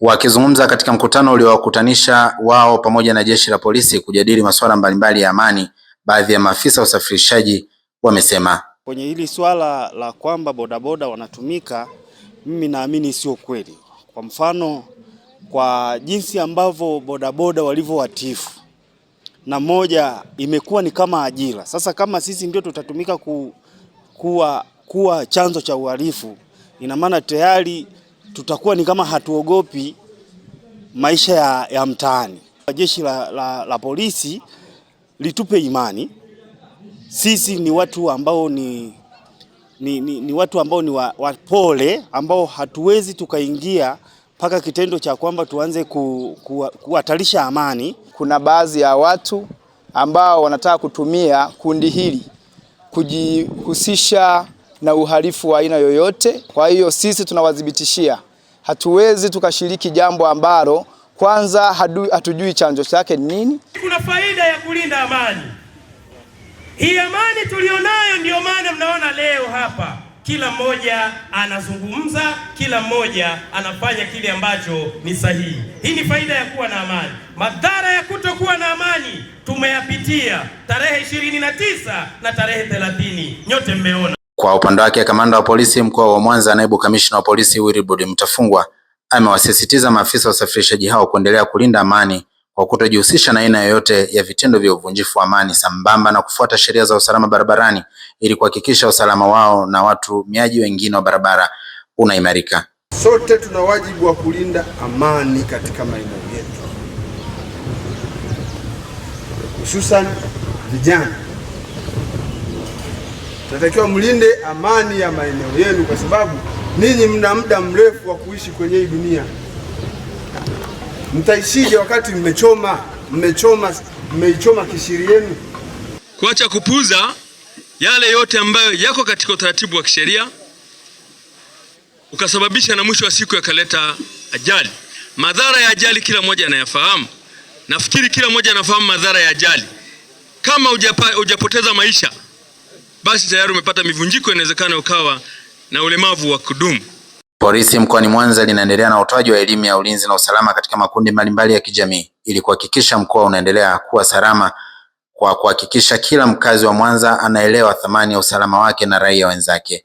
wakizungumza katika mkutano uliowakutanisha wao pamoja na jeshi la polisi kujadili masuala mbalimbali ya amani, baadhi ya maafisa wa usafirishaji wamesema kwenye hili swala la kwamba bodaboda wanatumika, mimi naamini sio kweli. Kwa mfano, kwa jinsi ambavyo bodaboda walivyo watifu na moja, imekuwa ni kama ajira. Sasa kama sisi ndio tutatumika ku, kuwa, kuwa chanzo cha uhalifu, ina maana tayari tutakuwa ni kama hatuogopi maisha ya, ya mtaani. Jeshi la, la, la polisi litupe imani sisi ni watu ambao ni, ni, ni, ni watu ambao ni wapole wa ambao hatuwezi tukaingia mpaka kitendo cha kwamba tuanze ku, ku, kuhatarisha amani. Kuna baadhi ya watu ambao wanataka kutumia kundi hili kujihusisha na uhalifu wa aina yoyote. Kwa hiyo sisi tunawadhibitishia hatuwezi tukashiriki jambo ambalo kwanza hadu, hatujui chanzo chake ni nini. Kuna faida ya kulinda amani hii. Amani tuliyonayo ndiyo maana mnaona leo hapa kila mmoja anazungumza, kila mmoja anafanya kile ambacho ni sahihi. Hii ni faida ya kuwa na amani. Madhara ya kutokuwa na amani tumeyapitia tarehe ishirini na tisa na tarehe thelathini, nyote mmeona. Kwa upande wake kamanda wa polisi mkoa wa Mwanza, naibu kamishna wa polisi Wilbrod Mutafungwa amewasisitiza maafisa wa usafirishaji hao kuendelea kulinda amani kwa kutojihusisha na aina yoyote ya vitendo vya uvunjifu wa amani sambamba na kufuata sheria za usalama barabarani ili kuhakikisha usalama wao na watumiaji wengine wa barabara unaimarika. Sote tuna wajibu wa kulinda amani katika maeneo yetu, hususan vijana natakiwa mlinde amani ya maeneo yenu, kwa sababu ninyi mna muda mrefu wa kuishi kwenye hii dunia. Mtaishije wakati mmechoma mmechoma mmeichoma kishiri yenu? Kuacha kupuuza yale yote ambayo yako katika utaratibu wa kisheria ukasababisha na mwisho wa siku yakaleta ajali. Madhara ya ajali kila mmoja anayafahamu, nafikiri kila mmoja anafahamu madhara ya ajali. Kama ujapa, ujapoteza maisha basi tayari umepata mivunjiko, inawezekana ukawa na ulemavu wa kudumu. Polisi mkoani Mwanza linaendelea na utoaji wa elimu ya ulinzi na usalama katika makundi mbalimbali ya kijamii ili kuhakikisha mkoa unaendelea kuwa salama kwa kuhakikisha kila mkazi wa Mwanza anaelewa thamani ya usalama wake na raia wenzake.